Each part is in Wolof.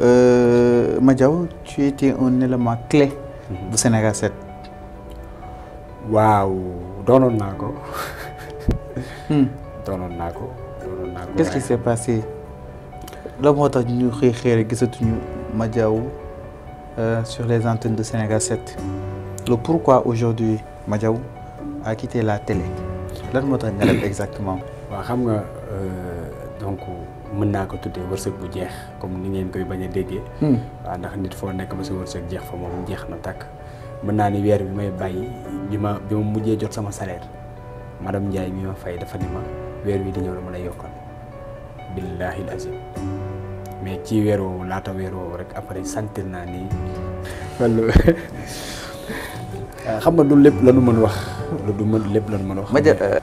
Euh, tu étais un élément clé du mhm. Sénégal 7. Waouh, hmm. doonoon naa ko. qu'est-ce qui s'est passé Le mot tax ñu xëy xëy euh, sur les antennes de Sénégal 7 le pourquoi aujourd'hui Madiaw a quitté la télé lan mot tax exactement. Euh, donc mën naa ko tuddé wërsëg bu jeex comme ni ngeen koy baña déggé wa hmm. ndax nit fo nek ba sa wërsëg jeex fa mom jeex na tak mën ni weer bi may bayyi bi ma bi ma jot sama salaire madam ndjay bima ma fay dafa ni ma weer wi di ñëw dama lay yokkal billahi alazim mais ci wo la ta weer wo rek après sentir na ni fallu xam nga du lepp lañu nu mën wax du mën lepp lañu nu mën wax.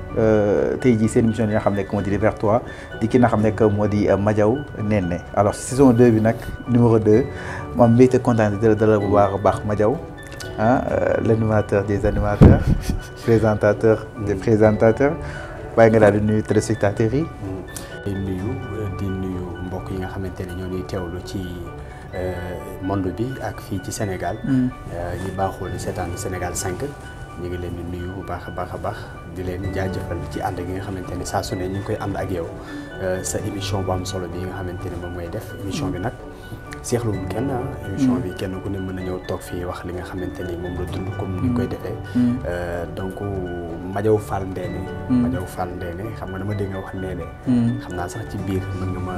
Euh, tey ji seen mission yi nga xam nekk moo di Réveille-toi di ki nga xam nekk moo di euh, Madiaw Néné alors saison 2 bi nag numéro 2 moom mbégte kontaan di dalal bu baax a baax Madiaw ah l'animateur des animateurs présentateur des présentateurs bàyyi nga daal di nuyu téléspectateurs yi. di nuyu di nuyu mbokk yi nga xamante ne ñoo ñuy teewlu ci. monde bi ak fii ci Sénégal. Mm. ñi baaxul di seetaan Sénégal 5 ñu ngi leen di nuyu bu baax a baax a baax di leen jaajëfal ci ànd gi nga xamante ne saa su ne ñu ngi koy ànd ak yow euh, sa émission bu am solo bi nga xamante ne moom mooy def émission bi nag seexluwul kenn ah. mm. émission bi kenn ku ne mën a ñëw toog fii wax li nga xamante ni moom la dund comme ni koy mm. defee mm. Euh, donc Madiaw Fall Ndéné Madiaw Fall Ndéné xam nga dama dégg nga wax Ndéné xam naa sax ci biir mën nga ma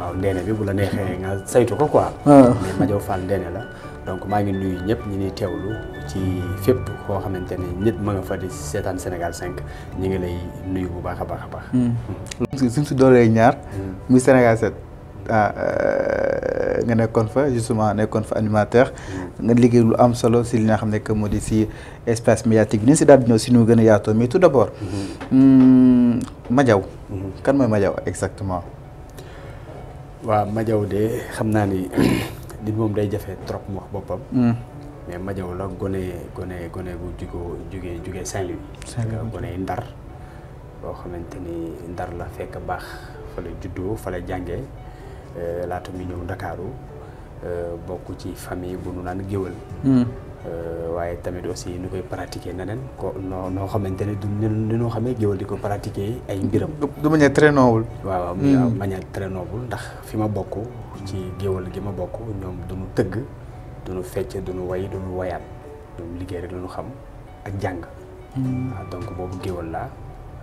waaw Ndéné bi bu la neexee nga saytu ko quoi ah. mais Madiaw Fall la donc maa ngi nuyu ñëpp ñu ñuy teewlu ci fépp koo xamante ne nit ma nga fa di seetaan Sénégal 5 ñu ngi lay nuyu bu baax a baax a baax. Hmm. Hmm. suñ si doolee ñaar. Hmm. muy Sénégal 7. Ah, euh, nga nekkoon fa justement nekkoon fa animateur nga liggéey lu am solo si li nga xam ne moo di si espace médiatique bi ni si daal ñëw si ñu gën a yaatoo mais tout d' abord. kan mooy Madiaw exactement. waaw Madiaw de xam naa ni. di mom day jafé trop mu wax bopam hmm. mais jaw la goné goné goné bu jugoo jugee jugee Saint-Louis. Saint-Louis gone ndar bo xamanteni ndar la fekk bax fa la juddo fa la jàngee euh, laata mi ñëw Ndakaaru euh, bokk ci famille bu nu naan hmm. euh waye tamit aussi ñu koy pratiquer nanen ko no noo xamante du ñu noo xamé géwal di ko pratiquer ay mbiram. du manière très noble. waaw waaw hmm. manière très noble ndax fima ma ci géwal gi ma bokk ñoom duñu tëgg duñu fecc duñu way duñu wayaat ñoom liggéey rek lañu xam ak jàng hmm. waaw donc boobu géwal laa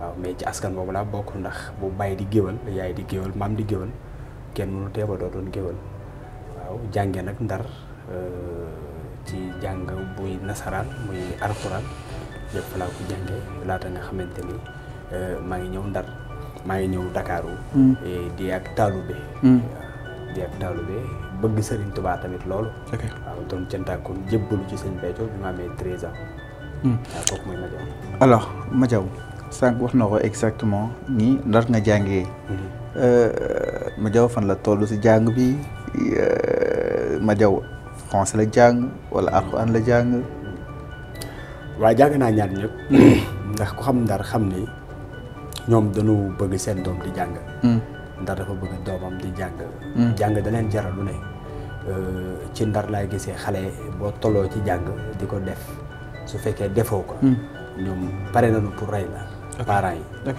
waaw mais ci askan boobu laa bokk ndax bu bàyyi di géwal yaay di géwal maam di géwal kenn mënu teeba doo doon géwal waaw jànge nag ndar euh, ci jàng buy nasaraan muy alxuraan yëpp laa ko jànge laata nga xamante ni euh, maa ngi ñëw ndar maa ngi ñëw Dakaaru hmm. di ak taalube hmm. di ab taalube bëgg Serigne Touba tamit loolu. waaw doon cantaakoon jébbalu ci sëñ Béthio bi ma amee 13 ans. Hmm. waaw kooku mooy Madiaw. alors Madiaw sànq wax na ko exactement nii ndar nga jàngee. Hmm. Euh, fan la toll si jàng bi euh, Madiaw jàng wala alxuraan hmm. jàng. naa ñaar ñëpp. ndax ku xam ndar xam ni ñoom dañu bëgg seen doom di jàng. ndar dafa bëgg doomam di jàng. Hmm. jàng da leen jaral lu ne euh, ci ndar laay gisee xale boo tolloo ci jàng di ko def su fekkee defoo ko. Hmm. ñoom pare nañu pour rey la. parents yi.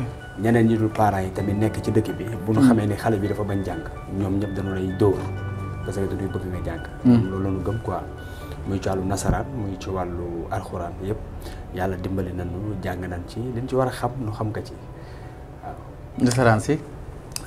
ñeneen ñi dul parents yi tamit nekk ci dëkk bi. bu ñu hmm. xamee ni xale bi dafa bañ jàng. ñoom ñëpp dañu lay dóor parce que dañuy bëgg nga jàng. loolu la ñu gëm quoi. muy ci wàllu nasaraan muy ci wàllu alxuraan yëpp yàlla dimbali nañu jàng nañ ci liñ ci war a xam nu xam ko ci waaw. nasaraan si.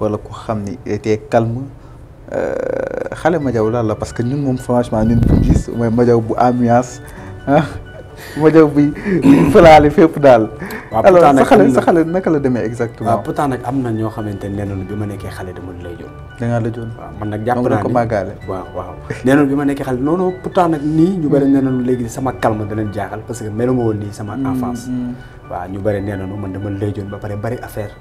wala ko xamni ni était calme euh, xale Madiaw lan la la parce que ñun moom franchement ñun bu gis moy madjaw bu ambiance ah Madiaw bi flalé fépp dal alors sa xalé sa xalé naka la démé exactement. waaw pourtant nag am na ñoo xamante ne nee bi dama lay jóg. da nga la jóg man nak jàpp naa ko màggaale. waaw waaw nee bima bi xalé non non pourtant nak ni ñu bari mm. nee légui sama calme danañ jaxal parce que melu ma ni sama mm, enfance. Mm. waaw ñu bari nee man dama lay jóg ba paré bari affaire.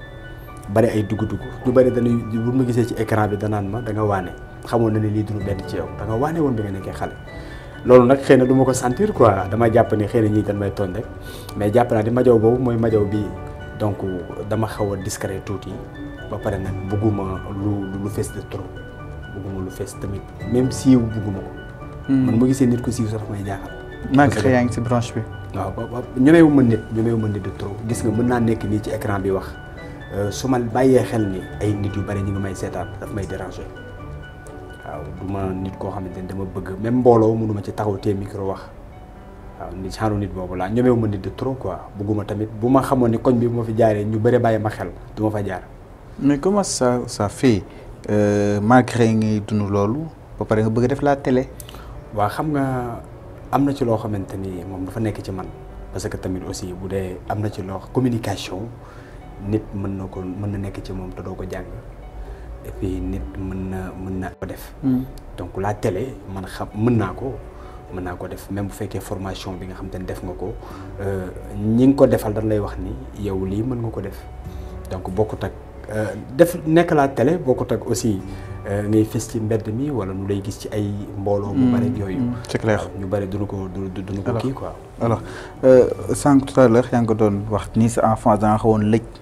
bari ay dugg-dugg ñu bari dañuy bu ma gisee ci écran bi danaan ma da waane xamoon na ne lii du lu ci yow da nga waane woon bi nga nekkee xale. loolu nag xëy na du ko sentir quoi dama jàpp ni xëy ñii dañ may tooñ rek mais jàpp naa boobu mooy majaw bi donc dama xaw a discret tuuti ba pare nag bugguma lu lu fees de trop lu fees tamit même siiw bugguma ko. Hmm. man ma nit ko siiw sax daf may jaaxal. maa ngi yaa ngi ci branche bi. waaw waaw ñemewu ma nit ñemewu ma nit de trop gis nga mën naa nekk nii ci écran bi wax. Euh, suma baye xel ni ay nit yu bari ni ngi may seetaan daf may déranger waaw duma nit ko xamanteni ni dama bëgg même mbooloo mënuma ci taxaw té micro wax waaw ni xaru nit bobu la ñëwé ma nit de trop quoi bëgguma tamit buma xamone ni koñ bi bu fi jaaré ñu bëré baye ma xel duma fa jaar. mais comment ça ça fait euh, malgré ngi dunu lolu ba paré nga bëgg def la télé. wa xam nga amna ci lo xamanteni ni dafa nekk ci man parce que tamit aussi boudé amna ci lo communication. nit mën na ko mën na nekk ci moom te doo ko jàng et puis nit mën na mën na ko def hmm. donc la télé man xam mën naa ko mën naa ko def même bu fekkee formation bi nga xam te def nga ko euh, ñi nga ko defal dañ lay wax ni yow lii mën nga ko def donc bokkut ak euh, def nekk la télé bokkut ak aussi euh, ngay fës ci mbedd mi wala ñu lay gis ci ay mbooloo bu hmm. bari yooyu hmm. c'est clair ñu bari duñu ko duñu ko kii quoi alors sànq tout à l'heure yaa ngi ko doon wax ni sa enfance danga xawoon lëj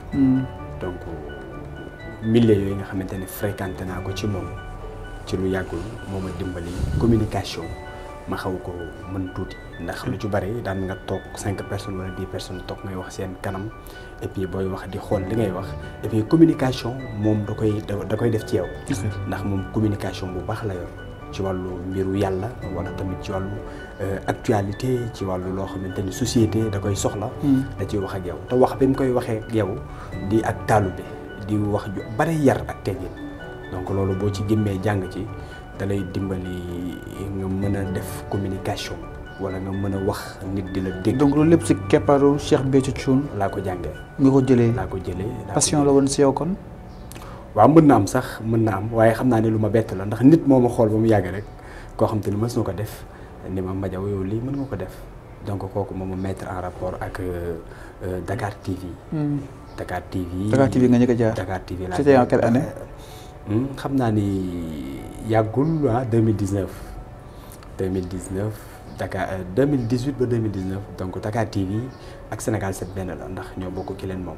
donc milieu yooyu nga xamante ne fréquenté naa ko ci moom ci lu yàggul moo ma dimbali communication ma xaw ko mën tuuti ndax lu ci bari daan nga toog cinq personnes wala dix personnes toog ngay wax seen kanam et booy wax di xool dangay wax et communication moom da koy da koy def ci yow. ndax moom communication bu baax la yor. ci wàllu mbiru yàlla wala tamit ci wàllu euh, actualité ci wàllu loo xam xamante ni société da koy soxla. Hmm. da ciy wax ak yow te wax bi mu koy waxee ak yow di ak bi di wax ju bare yar ak teggin donc loolu boo ci jëmmee jàng ci da lay dimbali nga mën a def communication. wala nga mën a wax nit di la dégg. donc loolu lépp ci keppaaru Cheikh Béthio Thioune. laa ko jàngee. nga ko jëlee laa ko jëlee. passion la woon si yow kon. wa mën na am sax mën na am waaye xam naa ne lu ma bett la ndax nit moo ma xool ba mu yàgg rek koo xam te ni mës ko def ni ma majaw yow lii mën nga ko def donc kooku moom mettre en rapport ak euh, euh, Dakar TV. Hmm. Dakar TV Dakar TV nga njëkk a jaar Dakar TV laa. c'était en quelle année. Hmm, xam naa ni yàggul ah 2019 2019 Dakar 2018 euh, ba 2019 donc Dakar TV ak Sénégal 7 benn la ndax ñoo bokk ki leen moom.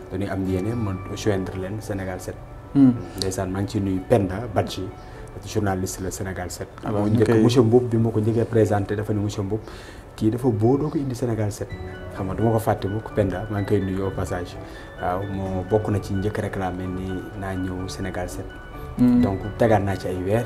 dañuy am ni yéene ma joindre leen Sénégal 7. Hmm. ndeysaan maa ngi ciy nuyu Penda Badji journaliste la Sénégal 7. waaw ñu njëkk monsieur Mboup bi ma ko njëkkee présenté dafa ne monsieur Mboup kii dafa boo doo ko indi Sénégal set xam nga duma ko fàtte mukk Penda maa ngi koy nuyu au passage waaw moo bokk na ci njëkk réclamé ni naa ñëw Sénégal 7. Hmm. donc tegaat naa ci ay weer.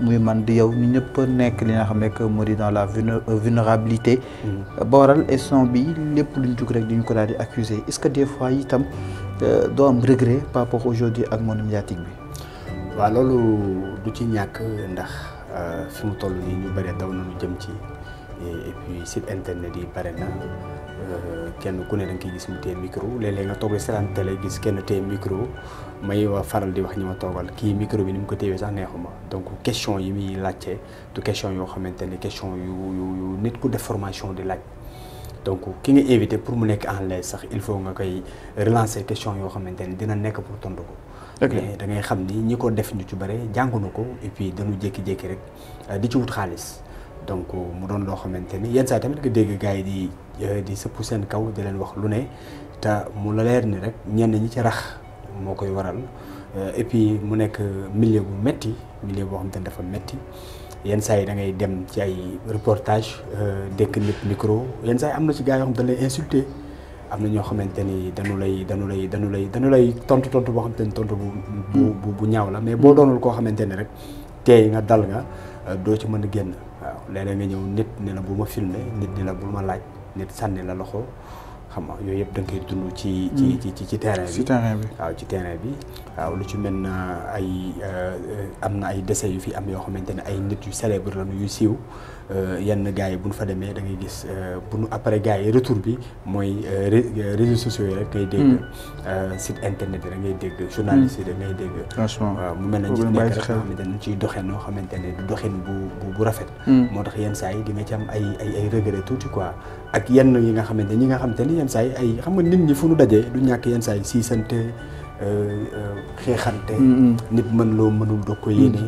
muy man di yow ñu ñëpp nekk li nga xam ne que moo dans la euh, vulnérabilité. Mm. Boral et instant bi lépp luñ dugg rek duñ ko daal di accuser est-ce que des fois itam euh, doo am regret par rapport aujourd'hui ak mon médiatique bi. waaw loolu du ci ñàkk ndax euh, fi mu toll nii ñu bëri daw nañu jëm ci et puis site internet yi bare na kenn ku ne da nga koy gis mu téye micro léeg-léeg nga toog di télé gis kenn téye micro may wa faral di wax ñi ma toogal kii micro bi ni mu ko téyee sax neexuma donc question yi muy laajte du question yoo xamante ne question yu yu yu nit ku def formation di laaj donc ki nga invité pour mu nekk en l'aise sax il faut nga koy relancer question yoo xamante ne dina nekk pour tontu ko da ngay xam ni ñi ko def ñu ci bare jàngunu ko et puis dañu jékki-jékki rek di ci wut xaalis donc mu doon loo xamante ni yenn saa tamit nga dégg gars yi di di sëpp seen kaw di leen wax lu ne te mu la leer ni rek ñenn ñi ci rax moo koy waral euh, et puis mu nekk milieu bu metti milieu boo xam te ne dafa metti yenn saa yi da ngay dem ci ay reportage euh, dëkk nit micro yenn saa yi am na ci gars yoo xam te ne insulté am na ñoo xamante ni dañu lay lay dañu lay dañu lay tontu tontu boo xam xamante ni tontu bu bu bu ñaaw la mais boo doonul koo xamante ni rek teey nga dal nga euh, doo ci mën génn waaw léeg-léeg ñëw nit ni la bu ma filmer nit ni la ma laaj nit sànni la loxo xam nga yooyu yëpp da nga koy dund ci ci mm. ci ci bi ci terrain bi waaw ci terrain bi waaw lu ci mel na ay euh, am na ay décès yu fi am yoo xamante ne ay nit yu célèbre lañu yu siiw Euh, yenn gars yi bu ñu fa demee da ngay gis euh, bu ñu après gars yi retour bi mooy euh, réseaux sociaux yi rek ngay dégg. Hmm. site internet yi da ngay dégg. journaliste yi da ngay dégg. franchement waaw mu mel ne ñu nekk rek xam ne dañ ciy doxee noo xamante ne du doxin bu bu rafet. Hmm. moo tax yenn saa yi di nga ci am ay ay ay regret tuuti quoi ak yenn yi nga xamante ñi nga xamante ni yenn saa yi ay xam nga nit ñi fu ñu dajee du ñàkk yenn saa yi siisante xeexante. Hmm, nit mën loo mënul doo ko yéene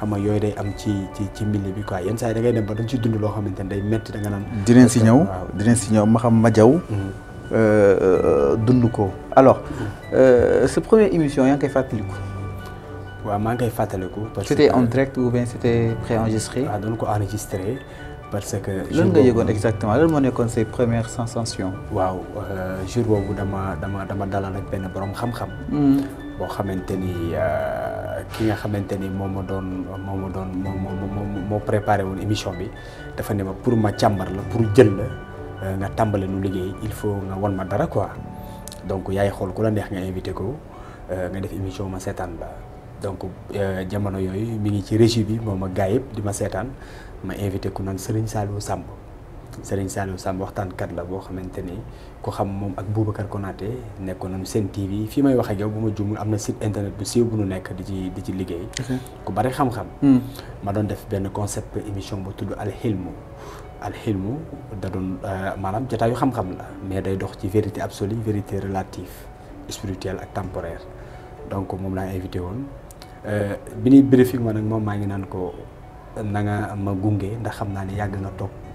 xam nga yooyu day am ci ci ci milieu bi quoi yenn saa yi da ngay dem ba dañ ci dund loo xamante ne day metti da nga naan. dinañ si ñëw dinañ si ñëw ma xam ma jaw mm-hmm. euh, euh, dund ko alors sa euh, première émission yaa ngi koy fàttaliku. waaw maa ngi koy fàttaliku. parce que c'était en direct ou bien c'était préenregistré. waaw ah, doon ko enregistré. parce que lan nga yëgoon exactement lan moo nekkoon say premières sensations. waaw jour boobu dama dama dama dalal ak benn borom xam-xam. Mm-hmm. boo xamante ni euh, ki nga xamante ni moo ma doon moo ma doon moo moo préparer woon émission bi dafa ne ma pour ma càmbar la pour jël la euh, nga tàmbale nu liggéey il faut nga won ma dara quoi donc yaay xool ku la neex nga invité ko euh, nga def émission ma seetaan la donc jamono yooyu mu ngi ci régie bi moom ak gaa yëpp di ma seetaan ma invité ku naan Serigne Saliou Samb. Serigne Saliou Samb waxtaankat la boo xamante ni ko xam moom ak Boubacar Konaté nekkoon am seen TV fii may wax ak yow bu ma juumul am na site internet bu siiw bu nu nekk di ci di ci liggéey. ku bari xam-xam. Hmm. ma doon def benn concept émission bu tudd Al Hilmu. Al Hilmu da doon euh, maanaam jotaayu xam-xam la mais day dox ci vérité absolue vérité relative spirituelle ak temporaire donc moom laa invité woon euh, bi ñuy briefing ma nag moom maa ngi naan ko na nga ma gunge ndax xam naa ne yàgg nga toog.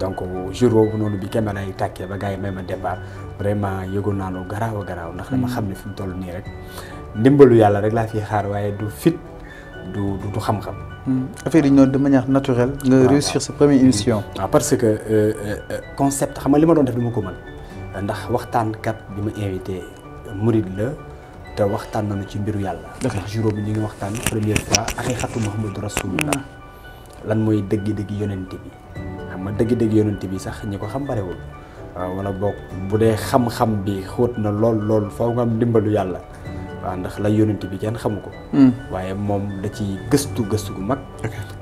donc jour boobu noonu bi caméra yi tàkkee ba gars yi may ma départ vraiment yëgoon naa lu garaaw a garaaw ndax dama mm. xam ne fi mu toll nii rek ndimbalu yàlla rek laa fiy xaar waaye du fit du du xam-xam. Mm. affaire yi noonu de manière naturelle. nga ah, réussir sa première émission. Mm. waaw parce que euh, euh, euh li ma doon def du ma ko mën ndax waxtaankat bi ma invité murid la te waxtaan nañu ci mbiru yàlla. ndax juróom bi ñu ngi waxtaan première fois ak xatu Muhammadu Rasulullah lan mooy dëgg-dëgg yonent bi. ma dëgg-dëgg yonante bi sax ñi ko xam barewul waaw wala boog bu dee xam-xam bi xóot na lool lool foo nga yàlla waaw ndax la yonent bi kenn xamu ko hmm. waaye moom da ci gëstu gëstu gu mag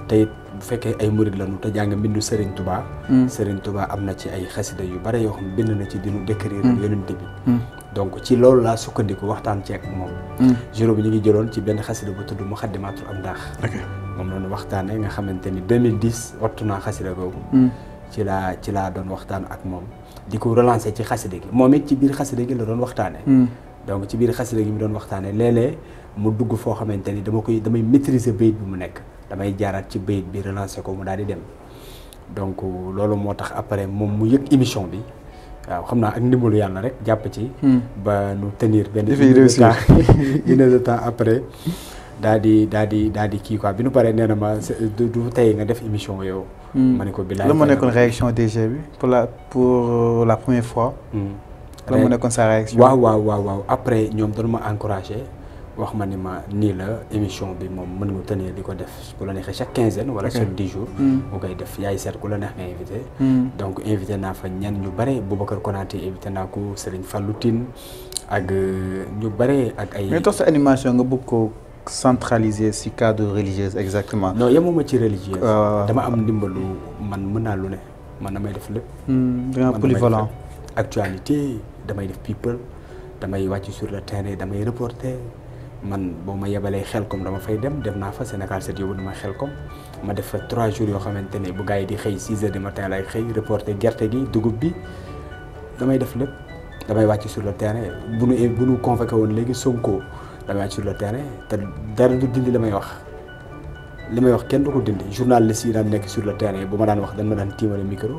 tey bu fekkee ay murid lañu te jàng mbindu Serigne tubaa hmm. Serigne Touba am na ci ay xasida yu bare yoo xam bind na ci dinu décrire hmm. yonent bi donc ci loolu laa sukkandiku waxtaan ceeg moom juróom ñu ngi jëloon ci benn xasida bu tudd Muxaddimaatul Amdaax moom doon waxtaanee nga xamante ni 2010 wattu naa xasida googu mm. ci laa ci laa doon waxtaan ak moom di ko relancer ci xasida gi moom it ci biir xasida gi la doon waxtaane mm. donc ci biir xasida gi mu doon waxtaanee léeg-léeg mu dugg foo xamante ni dama koy damay maîtriser bayit bi mu nekk damay jaaraat ci bayit bi relancé ko mu daal di dem donc loolu moo tax après moom mu yëg émission bi waaw xam naa ak lu yàlla rek jàpp ci mm. ba nu tenir benn une de temps après dadi dadi dadi ki quoi bi nu paree nee ma du tay nga def émission yow. Hmm. mané ne ko bilaay. lan moo nekkoon réaction DG bi pour la pour euh, la première fois. Hmm. lan moo nekkoon sa réaction. waaw waaw waaw waaw après ñom dañu ma encouragé wax ma ni ma nii la émission bi moom mën nga tenir di ko def bu la neexee chaque quinzaine wala chaque dix jours. bu hmm. koy def yaay seet ku la neex nga invité. donc invité naa fa ñen ñu bare Boubacar Konaté invité naa ko Serigne Fallou ak euh, ñu bare ak ay. mais tax sa animation nga bëgg ko centralisé cas cadre religieuse exactement. non il y a dama am religieux. man suis un lu je man damay hmm, polyvalent actualité damay def people damay wàcc sur le terrain damay reporter man temps, dama fay dem fa Sénégal de dama ma def de trois jours de bu di six heures du matin reporter de la dugub bi damay def de damay sur le terrain de da ngay sur le terrain te dara du dindi li may wax li may wax kenn du ko dindi journaliste yi daan nekk sur le terrain bu ma daan wax dañ ma daan tiimale micro.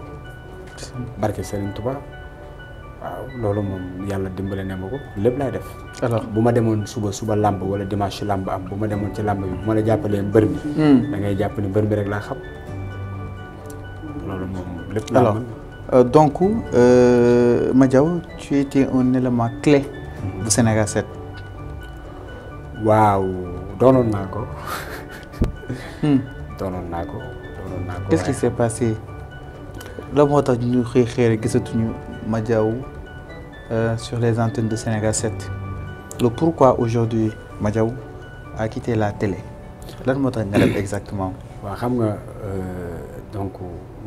barke seen Touba waaw loolu moom yàlla dimbale ne ma lépp laay def. alors bu ma demoon suba suba làmb wala dimanche làmb am bu ma demoon ci làmb bi bu ma la jàppalee mbër mi. Hmm. da ngay jàpp ni mbër rek laa xam loolu moom lépp laa mën. alors euh, donc euh, Madiaw tu étais un élément clé. bu Sénégal 7. waaw hmm. doonoon naa ko. doonoon naa ko doonoon qu'est-ce qui s'est passé la moo tax ñu xëy xëy rek gisatuñu Madiaw euh, sur les antennes de Sénégal 7 le pourquoi aujourd'hui Madiaw a quitté la télé lan moo tax nga exactement. waaw xam nga euh, donc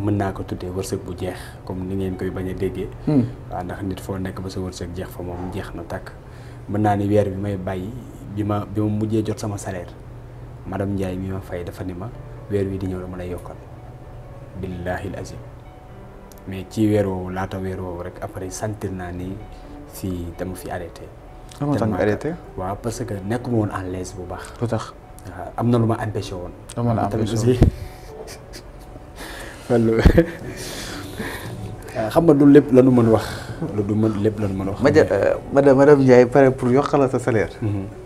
mën naa ko tuddee bu jeex comme ni ngeen koy baña déggé déggee. Hmm. waaw ndax nit fo nek ba sa wërsek jeex fa mom jeex na tak mën naa ni weer bi may bayyi bi ma bi ma mujjee jot sama salaire madame Ndiaye mi ma fay dafa ni ma weer wi di ñëw dama lay yokkal billahi azim mais ci weer woowu laata weer woowu rek après sentir naa ni si dama fi arrêté. dama tax waa parce que nekkuma woon en les bu baax. lu tax am na lu ma empêché woon. dama la empêché woon tamit aussi xam nga du lépp la nu mën wax. du mën lépp la mën wax. Euh, madame madame pare pour yokkal sa salaire. Mm-hmm.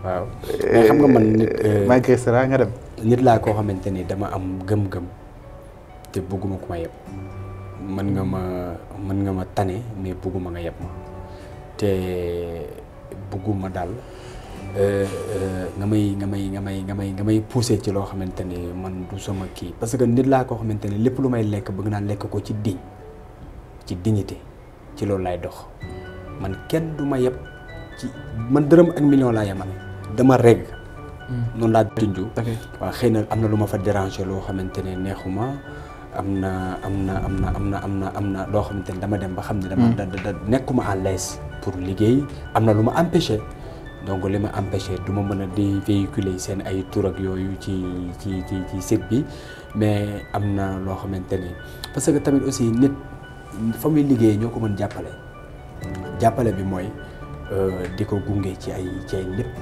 waaw mais eh, eh, xam nga man nit eh, malgré cela nga dem nit laa koo xamante ni dama am gëm-gëm te bëgguma ku ma yeb mën nga ma mën nga ma tane mais bëgguma nga yeb ma te bëgguma daal nga may nga may nga may nga may nga may poussé ci loo xamante ni man du sama kii parce que nit laa koo xamante ni lépp lu may lekk bëgg naa lekk ko ci diñ ci dignité ci loolu laay dox man kenn du ma yeb ci man dërëm ak million laa yemale dama reg hmm. noonu laa tënju waa xëy na am na lu ma fa déranger loo xamante ne neexuma am na am na am na am na am na am na loo xamante ne dama dem ba xam ne dama hmm. da nekkuma à l'aise pour liggéey am na lu ma empêché donc li ma empêché du ma mën a di véhiculer seen ay tur ak yooyu ci ci ci ci site bi mais am na loo xamante ne parce que tamit aussi nit fa muy liggéey ñoo ko mën jàppale jàppale bi mooy euh, di ko gunge ci ay ci lépp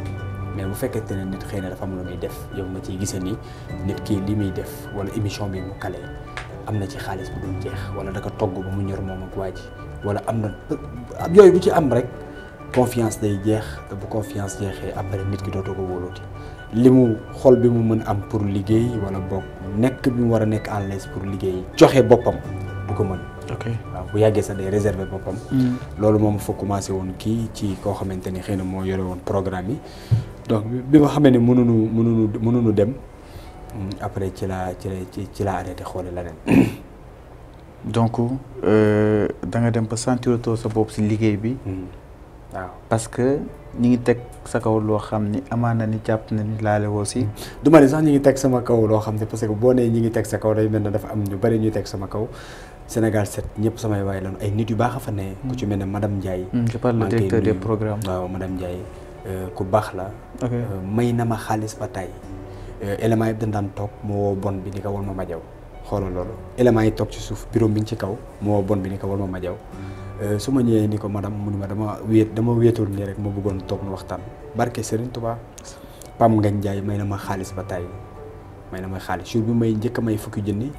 mais bu fekkente ne nit xëy na dafa am lu muy def yow nga ciy gise ni nit kii li muy def wala émission bi mu kale am na ci xaalis bu dul jeex wala da ko togg ba mu ñor moom ak waa ji wala am na yooyu bu ci am rek confiance day jeex bu confiance jeexee après nit ki dootoo ko wóolooti li mu xol bi mu mën am pour liggéey wala boog nekk bi mu war a nekk en l'aise pour liggéey joxe boppam du ko mën ok bu yàggee sa day réservé boppam loolu moom fa commencé woon kii ci koo xamante ni xëy na moo yore woon programme yi donc bi ma xamee ne mënuñu mënuñu mënuñu dem après ci laa ci la ci la arrêté xoole la ren donc euh, danga nga dem ba sentiratoo sa bopp si liggéey bi. Hmm. waaw parce que ñu ngi teg sa kaw loo xam ni amaana ni jàpp na ni laale woo si. Hmm. du ma ne sax ñi ngi teg sama kaw loo xam ne parce que boo nee ñi ngi teg sa kaw day mel ne dafa am ñu bari ñu teg sama kaw Sénégal set ñëpp samay waay lañu ay nit yu baax a fa ne. ku ci hmm. mel ne madame Ndiaye. je parle le directeur des programmes Euh, ku bax la euh, may na ma xaliss ba tay element euh, yëpp dañ daan toog bon bi ni ka war ma majaw xoolal loolu élément yi tok ci suuf bureau mi ci kaw mo bon bi ni ka war ma ma jaw suma ñëwee ni ko madam mu ni ma dama wéet dama wéetoon ni rek mo bëggon tok ñu waxtan barké Serigne Touba Pam jaay may na ma xaliss ba tay may na ma xaliss jour bi may njëkk may fukki jënni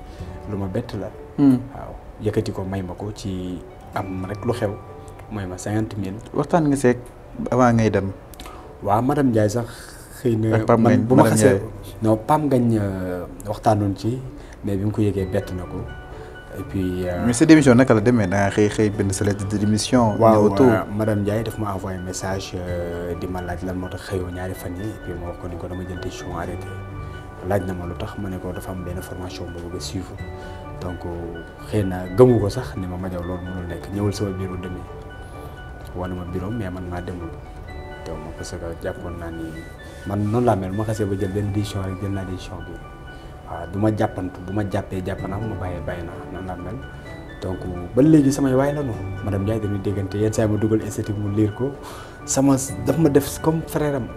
luma ma la hmm. waaw yëkëti ko may mako ci am rek lu xew moy ma 50000 waxtan nga sék avant ngay dem waaw madame Ndiaye sax xëy na man bu ma xasee non Pam Ngagne euh, waxtaanoon ci mais bi mu ko yëgee bett na ko et puis. Euh, mais sa démission naka la demee da xëy xëy benn sa lettre de démission. waaw euh, madame Ndiaye daf ma envoyé message di ma laaj lan moo tax xëyoo ñaari fan yi et puis ma wax ko ni ko dama jël décision arrêté laaj na ma lu tax ma ne ko dafa am benn formation boo bëgg a donc xëy na gëmu ko sax ni ma ma loolu mënul nekk ñëwul sama bureau demee wane ma mais man maa demul. respecté parce que jàppoon naa ni man noonu laa mel ma xasee ba jël benn décision rek jël naa décision bi waaw du ma jàppantu bu ma jàppee jàpp mu ma bàyyee bàyyi naa noonu laa mel donc ba léegi samay waay la noonu madame Ndiaye dañuy déggante yenn saa ma dugal esthétique mu liir ko sama daf ma def comme frère am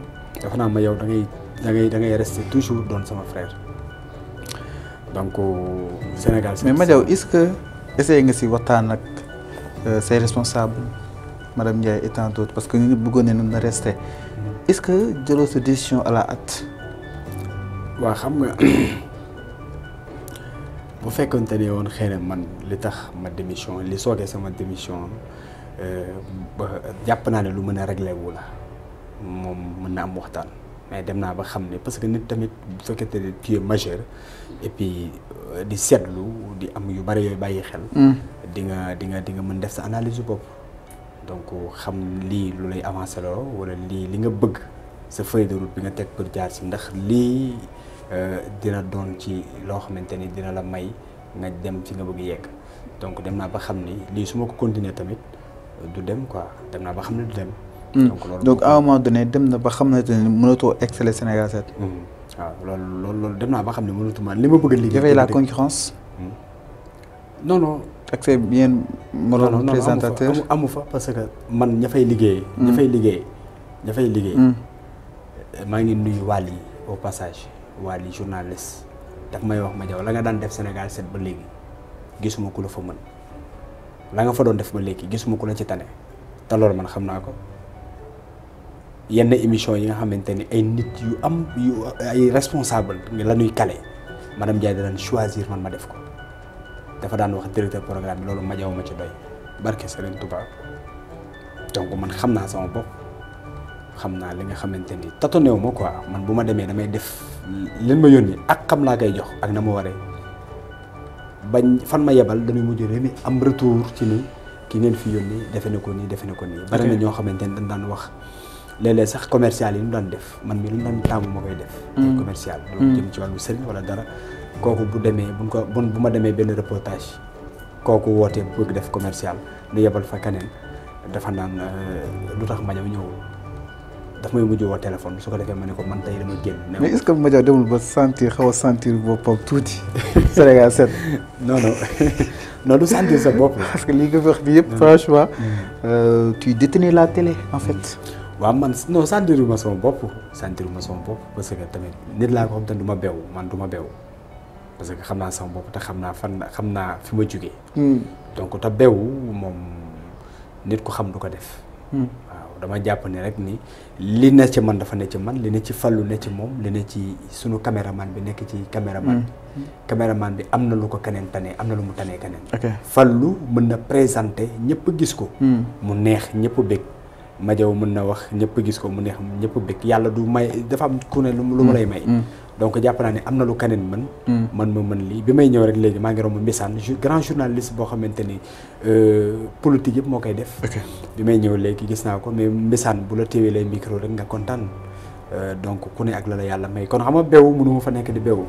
dafa naa ma yow da ngay da ngay da ngay rester toujours doon sama frère donc euh, Sénégal. mais Madiaw est-ce que essayé nga si waxtaan ak euh, say responsable madame Ndiaye et tant d'autres parce que nous nous bëggoon nous na resté est-ce que jëloo cette décision à la hâte. waaw xam nga bu fekkonte ne woon xëy na man li tax ma démission li soogee sama démission euh, ba jàpp naa ne lu mën a wu la moom mën am waxtaan mais dem ba ne parce que nit tamit bu fekkente tu es majeur et puis euh, di seetlu di am yu bari yooyu bàyyi xel. Hmm. di nga di nga di nga mën def sa analyse donc xam lii lu lay avancé loo wala lii li nga bëgg sa feuille de route bi nga teg pour jaar si ndax lii euh, dina doon ci loo xamante ni dina la may nga dem ci nga bëgg yegg donc dem naa ba xam ni lii suma ko continuer tamit du dem quoi dem naa ba xam ne du dem. Hmm. donc loolu donc à un moment donné dem na ba xam ne te mënatoo exceller Sénégal 7. waaw lool loolu loolu dem naa ba xam ne mënatu mënatuma li ma bëgg lii liggéey. dafay la concurrence. Hmm. non non. ak seen yéen moroom présentateur amu fa parce que man ña fay liggéey ña hmm. fay liggéey ña fay liggéey hmm. eh, maa ngi nuyu Wally au passage Wally journaliste daf may wax ma jaw la nga daan def Sénégal set ba léegi gisuma ku la fa mën la nga fa doon def ba léegi gisuma ku la ci tane te loolu man xam naa ko yenn émission yi nga xamante ni ay nit yu am yu ay responsable la nuy kale madame Ndiaye danañ choisir man ma def ko dafa daan wax directeur programme bi loolu ma jaw ma ci doy barke Serigne Touba donc man xam naa sama bopp xam naa li nga xamante ni ma quoi man buma ma demee damay def li ma yónni ak xam laa koy jox ak na ma bañ fan ma yebal dañuy mujj remi am retour ci ni ki ngeen fi yónni defe na ko nii defe na ko nii. bari na ñoo xamante dañ daan wax léeg sax commercial yi ñu daan def man mi lu ñu daan taamu ma koy def. Hmm. commercial. lu hmm. jëm ci wàllu sëriñ wala dara koku bu demee buñ ko bu buma ma ben benn reportage kooku wootee bëgg def commercial ni yebal fa kanen dafa nan euh, lu tax ma ñëw ñew daf may mujj woo téléphone su ko defee mané ko man tay dama gën mais est ce que ma Madiaw demul ba sentir xaw a sentir boppam touti Sénégal set. non non non du sentir sa bop parce que li nga wax bi yépp franchement. Mm. euh tu détenais la télé en fait. wa man non son bop sentir ma son bop parce que tamit nit la ko xam te du ma man duma bew parce que xam naa sama bopp te xam naa fan xam naa fi ma jógee. Hmm. donc te bewu moom nit ko xam du ko def. Hmm. waaw dama jàpp ne rek ni li ne ci man dafa ne ci man li ne ci fallu ne ci moom li ne ci sunu caméraman bi nekk ci caméraman bi. Hmm. caméraman bi am na lu ko keneen tane am na lu mu tane keneen. fallu mën na présenter ñëpp gis ko. mu neex ñëpp bég. Madiaw mën na wax ñëpp gis ko mu neex ñëpp bëgg yàlla du may dafa am ku ne lu ma lay mm. may. Mm. donc jàpp naa ne am na lu keneen mën. Mm. man ma mën lii bi may ñëw rek léegi maa ngi romb Mbissane grand journaliste boo xamante ni euh, politique yëpp moo koy def. bi may ñëw léegi gis naa ko mais bu la téeweelee micro rek nga kontaan euh, donc ku ne ak la la yàlla may kon xam nga beewu mënu ma fa nekk di beewu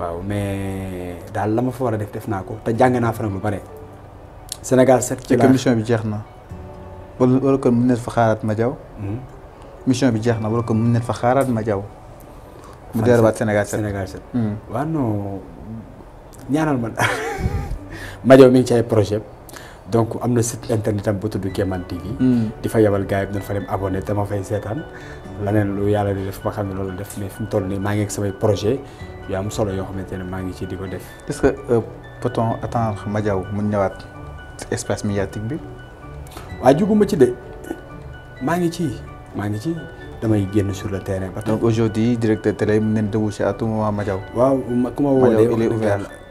waaw mais daal la ma fa war a def def naa ko te jàng naa fa lu bare Sénégal set ci la bi jeex na. wala wala kon fa xaaraat ma jaw hmm. mission bi jeex na wala kon mën fa xaaraat ma jaw mu set hmm. ñaanal man ma jaw mi ci ay projet donc am site internet am bu tudd Kéemaan TV hmm. di fa yebal gars dañ fa dem abonné dama fay lu yàlla di def ba xam ne def mais fi toll nii maa ngi ak samay projet yu am solo ngi ci def est-ce que euh, peut-on attendre espace médiatique bi waaye juguma ci de maa ngi ci maa ngi ci damay génn sur le terrain. ba donc aujourd'hui directeur télé mu ngeen débouché à tout moment Madiaw. waaw ma ku ma woo de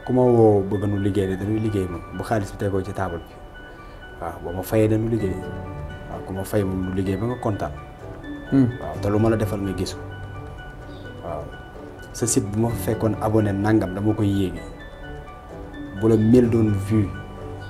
ku ma woo bëgg nu liggéey de dañuy liggéey ma bu xaalis bi tegoo ci table bi waaw boo ma fayee dañu liggéey waaw fay moom liggéey ba nga kontaan. Hmm. waaw te lu ma la defal nga gisu waaw sa site bu ma fekkoon abonné nangam dama koy yéegi bu la mel doon vue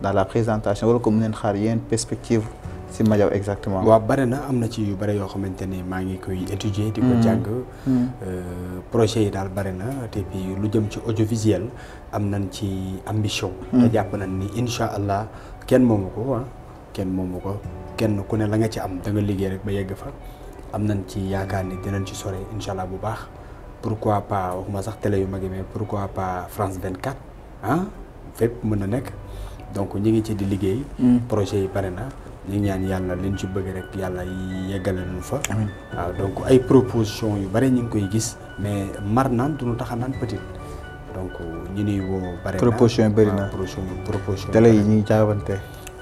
dans la présentation wala ko mu xaar yenn perspective si Madiaw exactement. Wa bare na am ci yu bare yo xamante ma ngi koy étudier. diko ko mm. Mm. euh projet yi dal bare na te lu jëm ci audiovisuel am ci ambition. da mm. japp nañ ni inshallah ken momoko, wa ko ah kenn ku ne la nga ci am da nga liggéey rek ba yegg fa am ci yaakaar ni dinañ ci sore inshallah bu baax pourquoi pas waxuma sax télé yu magi mais pourquoi pas France 24 hein? Ah, fépp mën nek donc ñu ngi ci di liggéey. Mm. projet yi pare na. ñu ñaan yàlla liñ ci bëgg rek yàlla yeggale nu fa. waaw ah, donc ay proposition yu bare ñu ngi koy gis. mais mar naan du taxa tax a naan petit. donc ñu ni woo. bare na proposition yi bëri na ah, proposition yi. télé yi ñu ngi jaabante.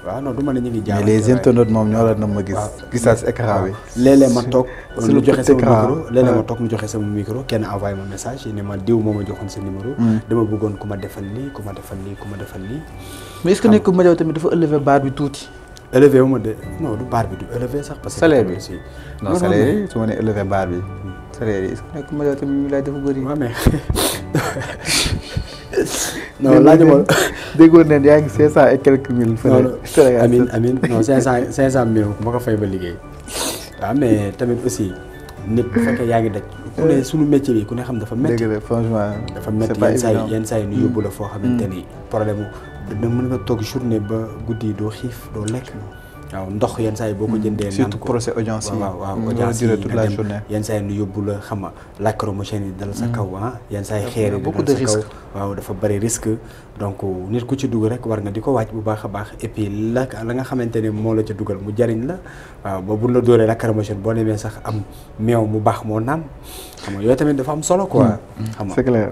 waaw non du ma ne ñu ngi jaaxal mais les moom ñoo la na ma gis. gisaa si écran bi. léeg ma toog mu joxe sama micro léeg-léeg ma toog mu joxe sama micro kenn envoyé ma message ne ma diw moo a joxoon sa numéro. Hmm. dama bëggoon ku ma defal lii ku ma defal lii ku ma defal lii. mais est-ce que nekkul ma jaw tamit dafa élever baat bi tuuti. élevé wu ma de non baar bi du élevé sax. parce que salaire bi aussi. non salaire su ma nee élevé baar bi. Hmm. salaire yi ma jaw tamit ñu lay dafa bëri. waaw non laaj ma déggoon neen yaa ngi cinq cent et quelques mille. fële Sénégal amiin ma ko fay ba liggéey. waaw mais tamit aussi nit bu fekkee yaa ngi daj. ku ne suñu métier bi ku ne xam dafa métti. dafa métti yenn saa yi yenn saa yi yóbbu la foo mm. xamante ni problème mu. dina mën nga toog journée ba guddi doo xiif doo lekk. waaw ndox yenn saa yi boo ko hmm. jëndee. surtout procès audience yi waaw waaw hmm. audience yi toute la journée yenn saa yi nu yóbbu la xam nga lacrymogène yi dal sa hmm. kaw ah yenn saa yi xeer yi beaucoup de risque waaw dafa bëri risque donc nit ku ci dugg rek war nga di ko waaj bu baax a baax et puis la la nga xamante ne moo la ca dugal mu jariñ la waaw ba buñ la dóoree lacrymogène boo demee sax am meew mu baax moo naan xam nga yooyu tamit dafa am solo quoi xam nga c'est clair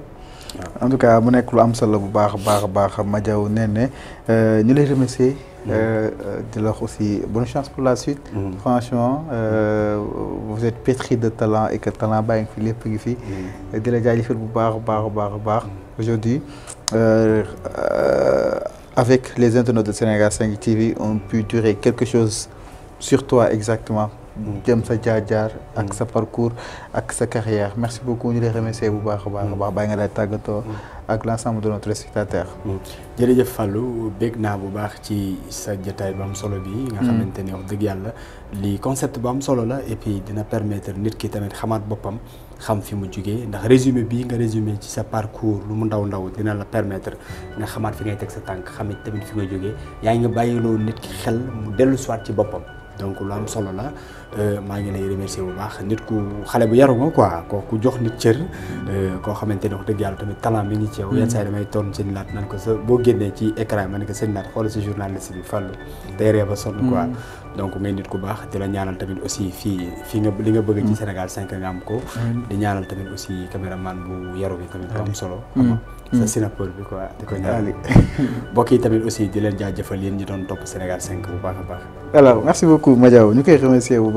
en tout cas mu nekk lu am solo bu baax a baax a baax Madiaw nee ne euh, ñu lay remercier Euh, euh, de leur aussi bonne chance pour la suite. Mm. Franchement, euh, vous êtes pétri de talent et que talent baa ngi fi lépp ngi fi. Mm. di la jaajëfal bu baax beaucoup mm. aujourd'hui avec les internautes de Sénégal 5 TV on peut durer quelque chose sur toi exactement. j'aime sa djar ak sa parcours avec sa carrière merci beaucoup nous les remercier beaucoup ak la l'ensemble de nos téléspectateurs. Mm. jërëjëf Fallou bég naa bu baax ci sa jotaay bu am solo bi nga mm. xamante ne wax dëgg yàlla lii concept bu am solo la et dina permettre nit ki tamit xamaat boppam xam fi mu jugee ndax résumé bii nga résumé ci sa parcours lu mu ndaw ndaw dina la permettre nga xamaat fi ngay teg sa tànk xamit tamit fi nga jógee yaa ngi loolu nit ki xel mu dellu soit ci boppam donc lu am solo la. maa ngi lay remercier bu baax nit ku xale bu yaru nga quoi ko ku jox nit cër koo xamante ne wax dëgg yàlla tamit talent mi ngi ci yow hmm. yenn saa damay toon sëñ laat nan ko sa boo génnee ci écran ma ne ko sëñ laat xoolal si journaliste bi fàllu day ree ba sonn quoi hmm. donc ngay nit ku baax di la ñaanal tamit aussi fii fii nga li nga bëgg ci hmm. Sénégal 5 nga am ko di ñaanal tamit aussi caméraman bu yaru bi tamit am solo sa Singapour bi quoi di ko ñaanal mbokk yi tamit aussi di leen jaajëfal yéen ñi doon topp Sénégal 5 bu baax a baax alors merci beaucoup Madiaw ñu koy remercier bu